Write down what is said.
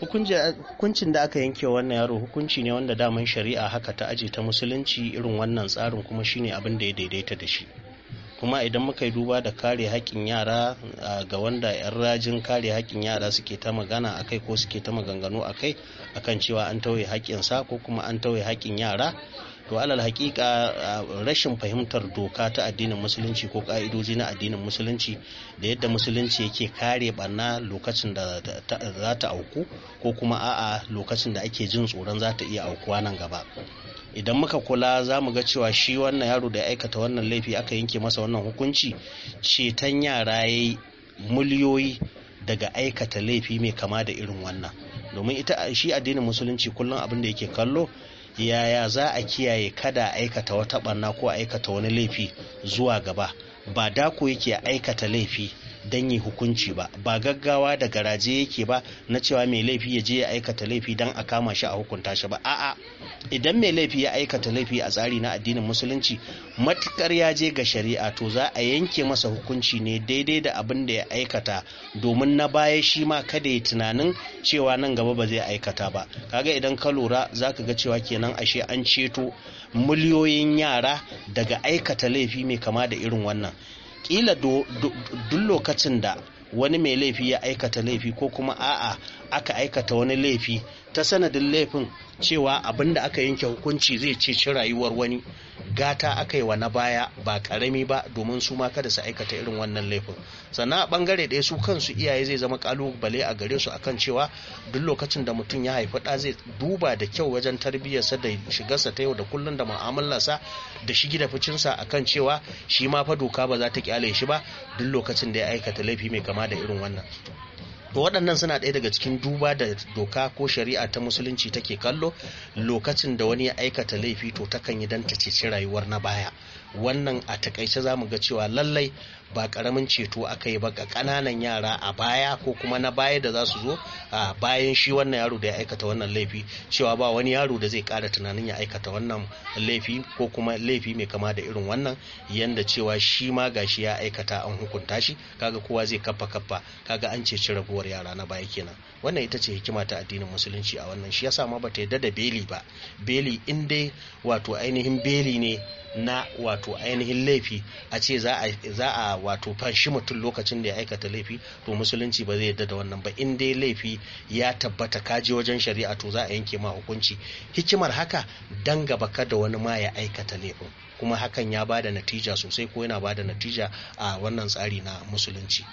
hukuncin da aka yanke wannan yaro hukunci ne wanda daman shari'a haka ta aje ta musulunci irin wannan tsarin kuma shine abin da ya daidaita da shi kuma idan muka yi duba da kare haƙƙin yara ga wanda 'yan rajin kare haƙƙin yara suke ta magana a kai ko suke ta maganganu a kai akan cewa an tauye haƙƙinsa ko kuma an tauye haƙƙin yara to alal hakika rashin fahimtar doka ta addinin musulunci ko ka'idoji na addinin musulunci da yadda musulunci yake kare ɓanna lokacin da za ta auku ko kuma a'a lokacin da ake jin tsoron za ta iya aukuwa nan gaba idan muka kula za mu ga cewa shi wannan yaro da ya aikata wannan laifi aka yanke masa wannan hukunci ceton yara ya miliyoyi daga aikata laifi mai kama da irin wannan domin ita shi addinin musulunci kullum abin da yake kallo yaya za a kiyaye kada aikata wata barna ko aikata wani laifi zuwa gaba ba dako yake aikata laifi don yi hukunci ba ba gaggawa da garaje yake ba na cewa mai laifi ya je ya aikata laifi don a kama shi a hukunta shi ba a'a idan mai laifi ya aikata laifi a tsari na addinin musulunci matukar ya je ga shari'a to za a yanke masa hukunci ne daidai da abin da ya aikata domin na baya shi ma kada ya tunanin cewa nan gaba ba zai aikata ba kaga idan ka lura za ka ga cewa kenan ashe an ceto miliyoyin yara daga aikata laifi mai kama da irin wannan kila duk lokacin da wani mai laifi ya aikata laifi ko kuma a'a aka aikata wani laifi ta sanadin laifin cewa abin da aka yanke hukunci zai ceci rayuwar wani gata aka yi wa na baya ba karami ba domin su ma kada su aikata irin wannan laifin sannan a bangare ɗaya su kansu iyaye zai zama kalubale a gare su akan cewa duk lokacin da mutum ya haifi ɗa zai duba da kyau wajen tarbiyyarsa da shigarsa ta yau da kullum da mu'amalarsa da shi da ficinsa akan cewa shi ma fa doka ba za ta kyale shi ba duk lokacin da ya aikata laifi mai kama da irin wannan to waɗannan suna ɗaya daga cikin duba da doka ko shari'a ta musulunci take kallo lokacin da wani ya aikata laifi to takan yi dan ta ceci rayuwar na baya wannan a takaice za mu ga cewa lallai ba karamin ceto aka yi ba ga ƙananan yara a baya ko kuma na baya da za su zo a bayan shi wannan yaro da ya aikata wannan laifi cewa ba wani yaro da zai kara tunanin ya aikata wannan laifi ko kuma laifi mai kama da irin wannan yanda cewa shi ma gashi ya aikata an hukunta shi kaga kowa zai kaffa kaffa kaga an ceci raguwar yara na baya kenan wannan ita ce hikima ta addinin musulunci a wannan shi yasa ma bata yadda da beli ba beli in dai wato ainihin beli ne na wato ainihin laifi a ce za a wato fanshi mutum lokacin da ya aikata laifi to musulunci ba zai yarda da wannan ba in dai laifi ya tabbata ka je wajen shari'a to za a yanke ma hukunci hikimar haka dan gaba kada wani ma ya aikata laifin kuma hakan ya ba da natija sosai ko yana bada natija a wannan tsari na musulunci